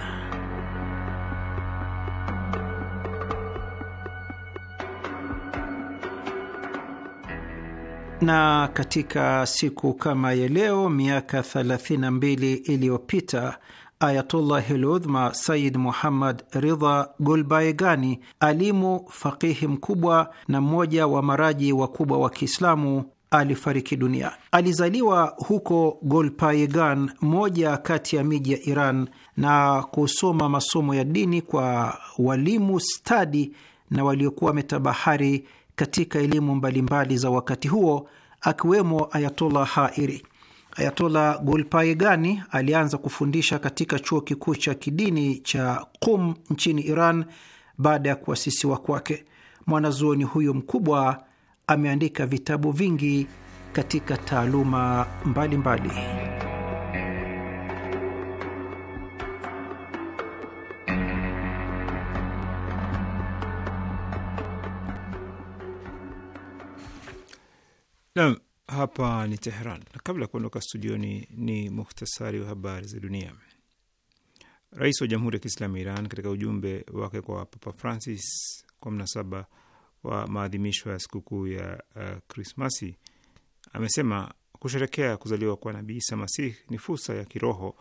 Na katika siku kama ya leo miaka 32 iliyopita Ayatullahil Udhma Sayid Muhammad Ridha Golbaegani, alimu faqihi mkubwa na mmoja wa maraji wakubwa wa Kiislamu, alifariki dunia. Alizaliwa huko golpaegan moja kati ya miji ya Iran, na kusoma masomo ya dini kwa walimu stadi na waliokuwa wametabahari katika elimu mbalimbali za wakati huo akiwemo Ayatollah Hairi. Ayatollah Golpayegani alianza kufundisha katika chuo kikuu cha kidini cha Qum nchini Iran baada ya kuasisiwa kwake. Mwanazuoni huyu mkubwa ameandika vitabu vingi katika taaluma mbalimbali mbali. Naam, hapa ni Teheran, na kabla ya kuondoka studioni ni muhtasari wa habari za dunia. Rais wa Jamhuri ya Kiislamu Iran katika ujumbe wake kwa Papa Francis kwa mnasaba wa maadhimisho ya sikukuu ya uh, Krismasi uh, amesema kusherekea kuzaliwa kwa Nabii Isa Masih ni fursa ya kiroho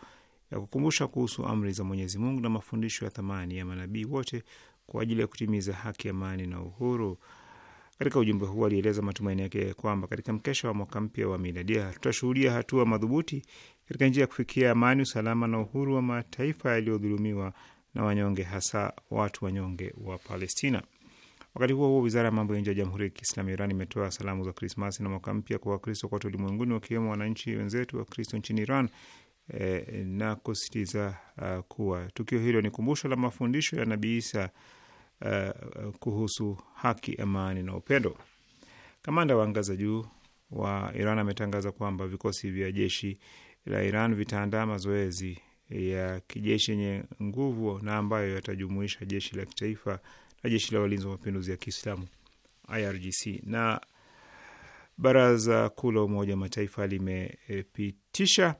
ya kukumbusha kuhusu amri za Mwenyezi Mungu na mafundisho ya thamani ya manabii wote kwa ajili ya kutimiza haki, amani na uhuru. Katika ujumbe huu alieleza matumaini yake kwamba katika mkesha wa mwaka mpya wa miladia tutashuhudia hatua madhubuti katika njia ya kufikia amani, usalama na uhuru wa mataifa yaliyodhulumiwa na wanyonge, hasa watu wanyonge wa Palestina. Wakati huo huo, wizara ya mambo ya nje ya Jamhuri ya Kiislamu ya Iran imetoa salamu za Krismasi na mwaka mpya kwa Wakristo kote ulimwenguni, wakiwemo wananchi wenzetu wa Kristo nchini Iran eh, na kusisitiza uh, kuwa tukio hilo ni kumbusho la mafundisho ya Nabii Isa uh, kuhusu haki, amani na upendo. Kamanda wa anga za juu wa Iran ametangaza kwamba vikosi vya jeshi la Iran vitaandaa mazoezi ya kijeshi yenye nguvu na ambayo yatajumuisha jeshi la kitaifa na jeshi la walinzi wa mapinduzi ya Kiislamu IRGC. Na baraza kuu la Umoja wa Mataifa limepitisha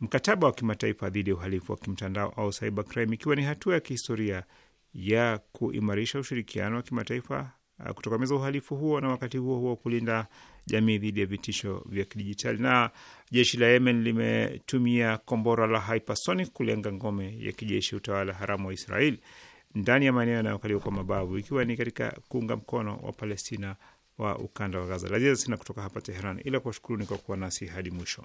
mkataba wa kimataifa dhidi ya uhalifu wa kimtandao au cybercrime, ikiwa ni hatua ya kihistoria ya kuimarisha ushirikiano wa kimataifa uh, kutokomeza uhalifu huo na wakati huo huo kulinda jamii dhidi ya vitisho vya kidijitali. Na jeshi la Yemen limetumia kombora la hypersonic kulenga ngome ya kijeshi utawala haramu wa Israel ndani ya maeneo yanayokaliwa kwa mabavu, ikiwa ni katika kuunga mkono wa Palestina wa ukanda wa Gaza. Lazia sina kutoka hapa Teheran, ila kuwashukuruni kwa kuwa nasi hadi mwisho